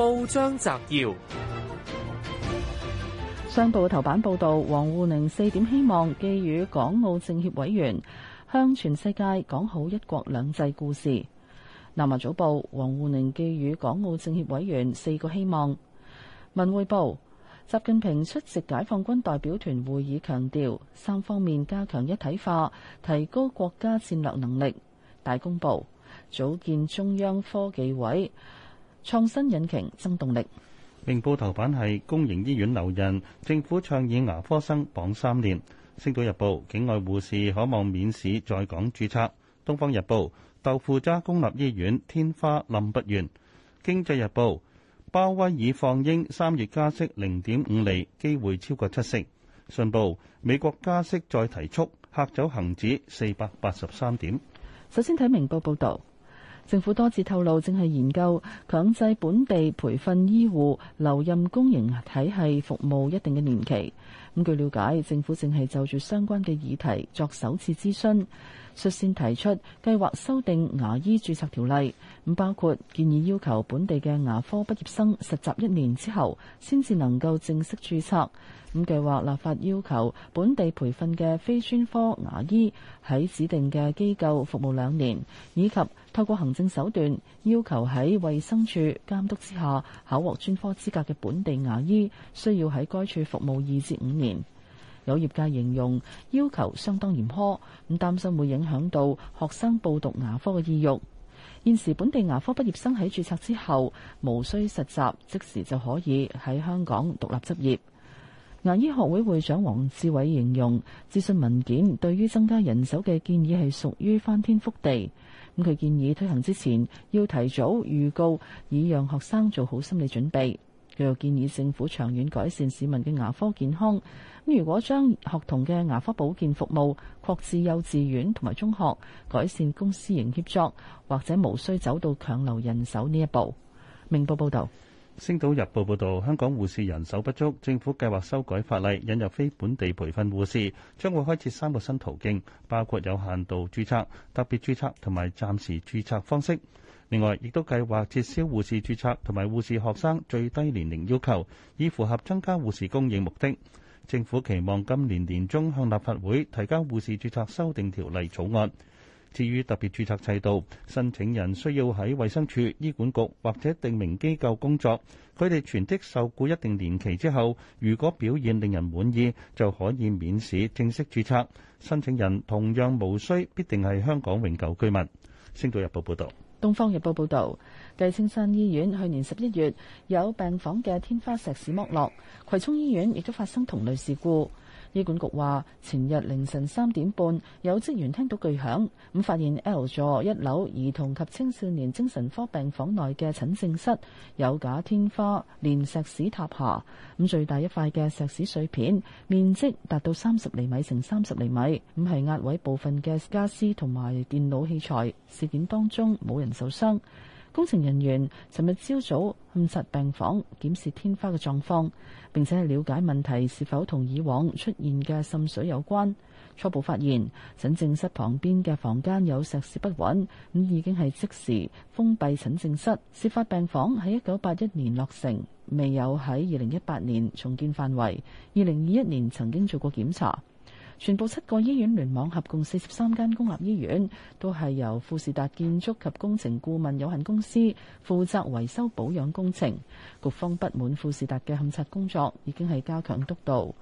報章摘要：商報頭版報道，王滬寧四點希望寄予港澳政協委員，向全世界講好一國兩制故事。南華早報，王滬寧寄予港澳政協委員四個希望。文匯報，習近平出席解放軍代表團會議，強調三方面加強一體化，提高國家戰略能力。大公報，組建中央科技委。創新引擎增動力。明報頭版係公營醫院留人，政府倡議牙科生綁三年。星島日報，境外護士可望免試在港注冊。東方日報，豆腐渣公立醫院天花冧不完。經濟日報，鮑威爾放鷹，三月加息零點五厘，機會超過七成。信報，美國加息再提速，吓走恒指四百八十三點。首先睇明報報道。政府多次透露，正係研究強制本地培訓醫護留任公營體系服務一定嘅年期。咁據了解，政府正係就住相關嘅議題作首次諮詢，率先提出計劃修訂牙醫註冊條例，咁包括建議要求本地嘅牙科畢業生實習一年之後先至能夠正式註冊。咁計劃立法要求本地培訓嘅非專科牙醫喺指定嘅機構服務兩年，以及透過行政手段要求喺衛生署監督之下考獲專科資格嘅本地牙醫，需要喺該處服務二至五年。有業界形容要求相當嚴苛，咁擔心會影響到學生報讀牙科嘅意欲。現時本地牙科畢業生喺註冊之後無需實習，即時就可以喺香港獨立執業。牙醫學會會長王志偉形容諮詢文件對於增加人手嘅建議係屬於翻天覆地。佢建議推行之前要提早預告，以讓學生做好心理準備。佢又建議政府長遠改善市民嘅牙科健康。咁如果將學童嘅牙科保健服務擴至幼稚園同埋中學，改善公私營協作，或者無需走到強留人手呢一步。明報報道。《星島日報》報導，香港護士人手不足，政府計劃修改法例，引入非本地培訓護士，將會開設三個新途徑，包括有限度註冊、特別註冊同埋暫時註冊方式。另外，亦都計劃撤銷護士註冊同埋護士學生最低年齡要求，以符合增加護士供應目的。政府期望今年年中向立法會提交護士註冊修訂條例草案。至於特別註冊制度，申請人需要喺衛生署、醫管局或者定名機構工作，佢哋全職受雇一定年期之後，如果表現令人滿意，就可以免試正式註冊。申請人同樣無需必定係香港永久居民。星島日報報道。東方日報報道，繼青山醫院去年十一月有病房嘅天花石屎剝落，葵涌醫院亦都發生同類事故。醫管局話，前日凌晨三點半，有職員聽到巨響，咁發現 L 座一樓兒童及青少年精神科病房內嘅診症室有假天花連石屎塌下，咁最大一塊嘅石屎碎片面積達到三十厘米乘三十厘米，咁係壓毀部分嘅家私同埋電腦器材。事件當中冇人受傷。工程人員尋日朝早勘察病房，檢視天花嘅狀況，並且係了解問題是否同以往出現嘅滲水有關。初步發現診症室旁邊嘅房間有石屎不穩，咁已經係即時封閉診症室。事發病房喺一九八一年落成，未有喺二零一八年重建範圍，二零二一年曾經做過檢查。全部七個醫院聯網合共四十三間公立醫院，都係由富士達建築及工程顧問有限公司負責維修保養工程。局方不滿富士達嘅勘察工作，已經係加強督導。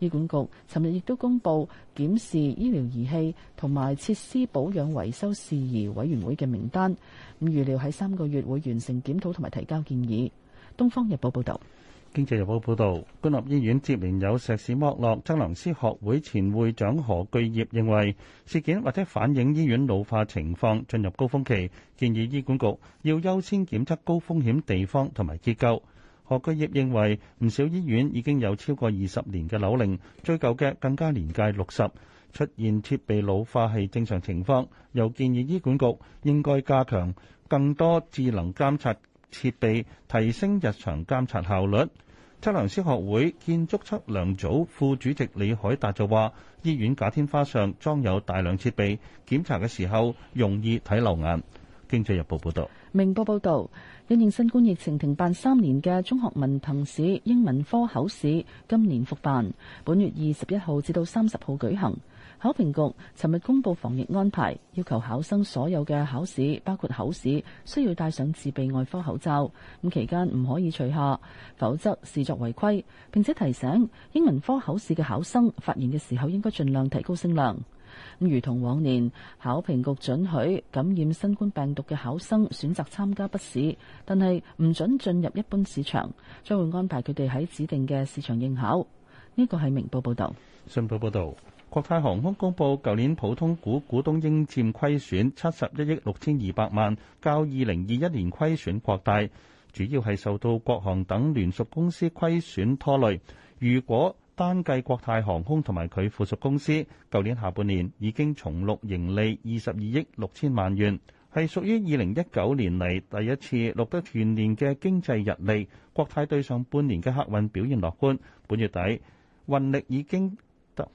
醫管局尋日亦都公布檢視醫療儀器同埋設施保養維修事宜委員會嘅名單，咁預料喺三個月會完成檢討同埋提交建議。《東方日報》報道。《經濟日報》報道，公立醫院接連有石屎剝落。測量師學會前會長何巨業認為，事件或者反映醫院老化情況進入高峰期，建議醫管局要優先檢測高風險地方同埋結構。何巨業認為，唔少醫院已經有超過二十年嘅樓齡，最舊嘅更加年屆六十，出現設備老化係正常情況，又建議醫管局應該加強更多智能監察。設備提升日常監察效率。測量師學會建築測量組副主席李凱達就話，醫院假天花上裝有大量設備，檢查嘅時候容易睇漏眼。經濟日報報道。明報報道，因應新冠疫情停辦三年嘅中學文憑試英文科考試，今年復辦，本月二十一號至到三十號舉行。考評局尋日公布防疫安排，要求考生所有嘅考試，包括口試，需要戴上自備外科口罩，咁期間唔可以除下，否則視作違規，並且提醒英文科口試嘅考生發言嘅時候應該盡量提高聲量。咁如同往年，考評局准許感染新冠病毒嘅考生選擇參加筆試，但係唔准進入一般市場，將會安排佢哋喺指定嘅市場應考。呢個係明報報道，新報報道。國泰航空公布，舊年普通股股東應佔虧損七十一億六千二百萬，較二零二一年虧損擴大，主要係受到國航等聯屬公司虧損拖累。如果單計國泰航空同埋佢附屬公司，舊年下半年已經重錄盈利二十二億六千萬元，係屬於二零一九年嚟，第一次錄得全年嘅經濟日利。國泰對上半年嘅客運表現樂觀，本月底運力已經。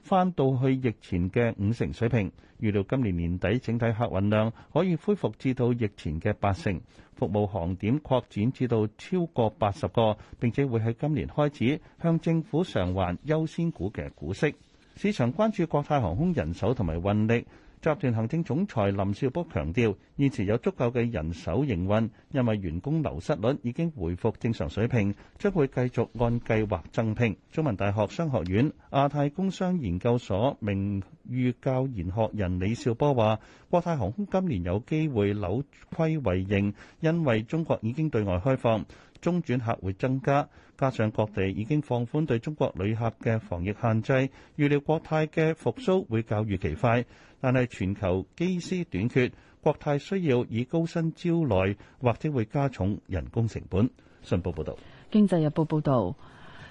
翻到去疫前嘅五成水平，預料今年年底整體客運量可以恢復至到疫前嘅八成，服務航點擴展至到超過八十個，並且會喺今年開始向政府償還優先股嘅股息。市場關注國泰航空人手同埋運力。集團行政總裁林少波強調，現時有足夠嘅人手營運，因為員工流失率已經回復正常水平，將會繼續按計劃增聘。中文大學商學院亞太工商研究所名譽教研學人李兆波話：國泰航空今年有機會扭虧為盈，因為中國已經對外開放，中轉客會增加，加上各地已經放寬對中國旅客嘅防疫限制，預料國泰嘅復甦會較預期快。但係全球機師短缺，國泰需要以高薪招來，或者會加重人工成本。信報報導，《經濟日報》報導，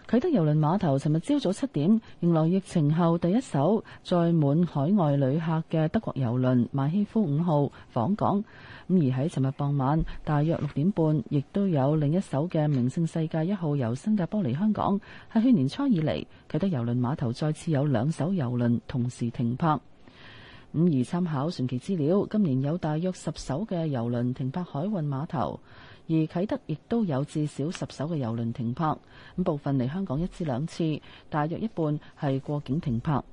啟德郵輪碼頭，尋日朝早七點迎來疫情後第一艘載滿海外旅客嘅德國郵輪「馬希夫五號」訪港。咁而喺尋日傍晚大約六點半，亦都有另一艘嘅名勝世界一號由新加坡嚟香港，喺去年初以嚟啟德郵輪碼頭再次有兩艘郵輪同時停泊。五如，參考船期資料，今年有大約十艘嘅郵輪停泊海運碼頭，而啟德亦都有至少十艘嘅郵輪停泊。咁部分嚟香港一至兩次，大約一半係過境停泊。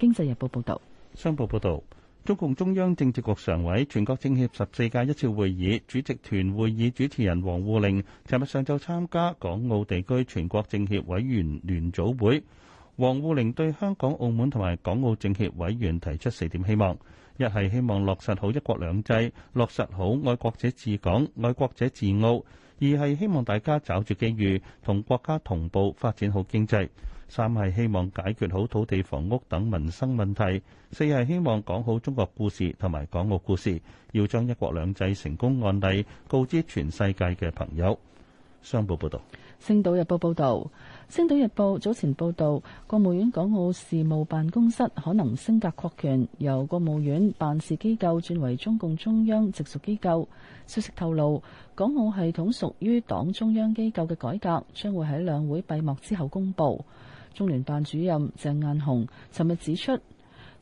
經濟日報報道。商報報道，中共中央政治局常委、全國政協十四屆一次會議主席團會議主持人王滬寧，尋日上晝參加港澳地區全國政協委員聯組會。王滬寧對香港、澳門同埋港澳政協委員提出四點希望：一係希望落實好一國兩制，落實好愛國者治港、愛國者治澳；二係希望大家抓住機遇，同國家同步發展好經濟；三係希望解決好土地、房屋等民生問題；四係希望講好中國故事同埋港澳故事，要將一國兩制成功案例告知全世界嘅朋友。商報報道，《星島日報》報道，《星島日報》早前報道，國務院港澳事務辦公室可能升格擴權，由國務院辦事機構轉為中共中央直屬機構。消息透露，港澳系統屬於黨中央機構嘅改革，將會喺兩會閉幕之後公佈。中聯辦主任鄭雁雄尋日指出。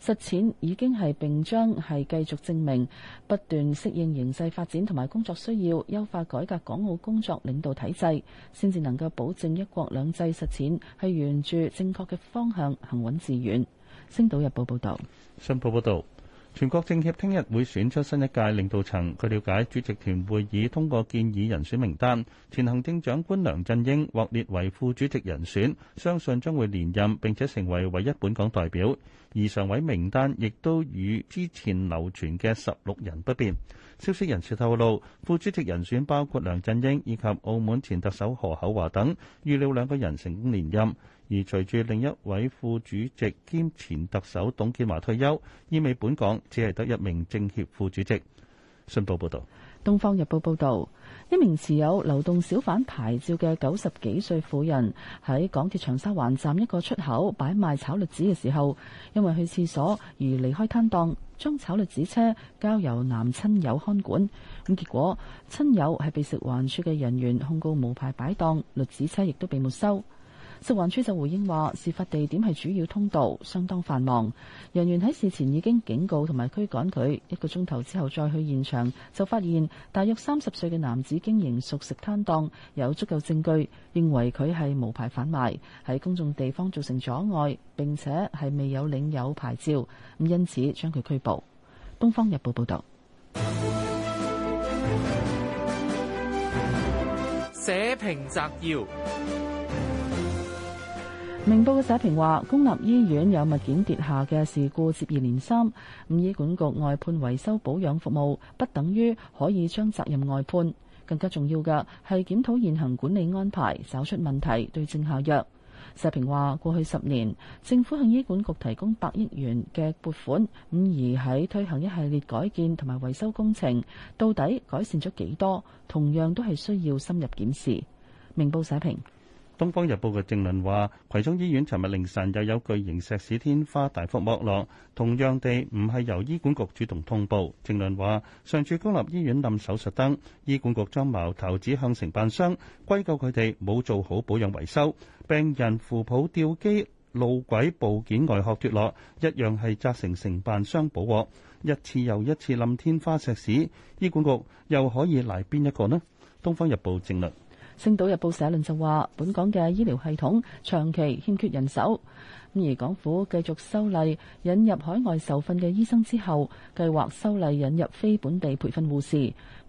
實踐已經係，並將係繼續證明，不斷適應形勢發展同埋工作需要，優化改革港澳工作領導體制，先至能夠保證一國兩制實踐係沿住正確嘅方向行穩致遠。《星島日報》報道，《新報》報道。全國政協聽日會選出新一屆領導層。據了解，主席團會議通過建議人選名單，前行政長官梁振英獲列為副主席人選，相信將會連任並且成為唯一本港代表。而常委名單亦都與之前流傳嘅十六人不變。消息人士透露，副主席人選包括梁振英以及澳門前特首何厚鏵等，預料兩個人成功連任。而隨住另一位副主席兼前特首董建華退休，意味本港只係得一名政協副主席。信報報道。《東方日報》報道，一名持有流動小販牌照嘅九十幾歲婦人喺港鐵長沙灣站一個出口擺賣炒栗子嘅時候，因為去廁所而離開攤檔，將炒栗子車交由男親友看管。咁結果，親友係被食環署嘅人員控告無牌擺檔，栗子車亦都被沒收。食環署就回應話，事發地點係主要通道，相當繁忙。人員喺事前已經警告同埋驅趕佢，一個鐘頭之後再去現場，就發現大約三十歲嘅男子經營熟食攤檔，有足夠證據認為佢係無牌販賣，喺公眾地方造成阻礙，並且係未有領有牌照，咁因此將佢拘捕。東方日報報道。社評摘要。明報嘅社評話，公立醫院有物件跌下嘅事故接二連三，咁醫管局外判維修保養服務不等於可以將責任外判，更加重要嘅係檢討現行管理安排，找出問題對症下藥。社評話，過去十年政府向醫管局提供百億元嘅撥款，咁而喺推行一系列改建同埋維修工程，到底改善咗幾多，同樣都係需要深入檢視。明報社評。《東方日報》嘅正論話：葵涌醫院尋日凌晨又有巨型石屎天花大幅剝落，同樣地唔係由醫管局主動通報。正論話：上次公立醫院冧手術燈，醫管局將矛頭指向承辦商，歸咎佢哋冇做好保養維修。病人扶抱吊機路軌部件外殼脫落，一樣係責成承辦商保鑊。一次又一次冧天花石屎，醫管局又可以賴邊一個呢？《東方日報》正論。星島日報社論就話，本港嘅醫療系統長期欠缺人手，咁而港府繼續修例引入海外受訓嘅醫生之後，計劃修例引入非本地培訓護士，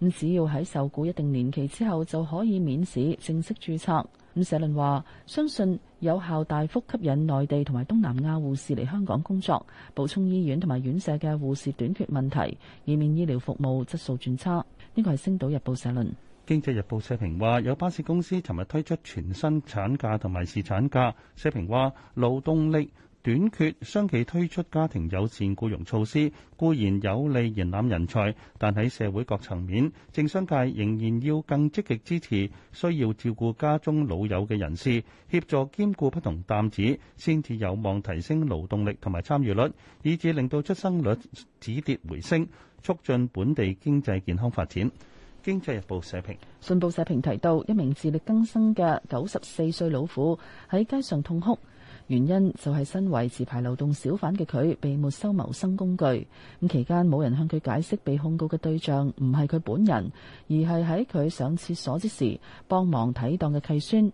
咁只要喺受僱一定年期之後就可以免試正式註冊。咁社論話，相信有效大幅吸引內地同埋東南亞護士嚟香港工作，補充醫院同埋院舍嘅護士短缺問題，以免醫療服務質素轉差。呢個係星島日報社論。經濟日報社評話，有巴士公司尋日推出全新產假同埋侍產假。社評話，勞動力短缺，相繼推出家庭友善雇傭措施固然有利延攬人才，但喺社會各層面，政商界仍然要更積極支持需要照顧家中老友嘅人士，協助兼顧不同擔子，先至有望提升勞動力同埋參與率，以至令到出生率止跌回升，促進本地經濟健康發展。《經濟日報》社評。信報社評提到一名自力更生嘅九十四歲老婦喺街上痛哭，原因就係身為自排流動小販嘅佢被沒收謀生工具。咁期間冇人向佢解釋被控告嘅對象唔係佢本人，而係喺佢上廁所之時幫忙睇檔嘅契孫。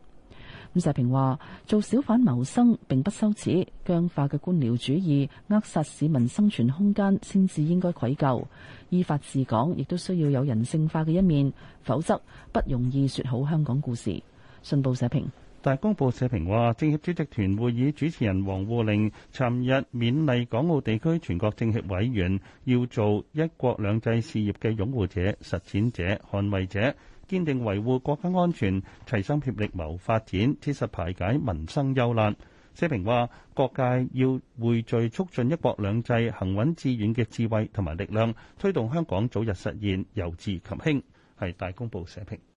社評話：做小販謀生並不羞恥，僵化嘅官僚主義扼殺市民生存空間，先至應該愧疚。依法治港亦都需要有人性化嘅一面，否則不容易説好香港故事。信報社評。大公報社評話，政協主席團會議主持人王滬寧尋日勉勵港澳地區全國政協委員要做一國兩制事業嘅擁護者、實踐者、捍衛者。堅定維護國家安全，齊心協力謀發展，切實排解民生憂難。社評話：各界要匯聚促進一國兩制行穩致遠嘅智慧同埋力量，推動香港早日實現由治及興。係大公報社評。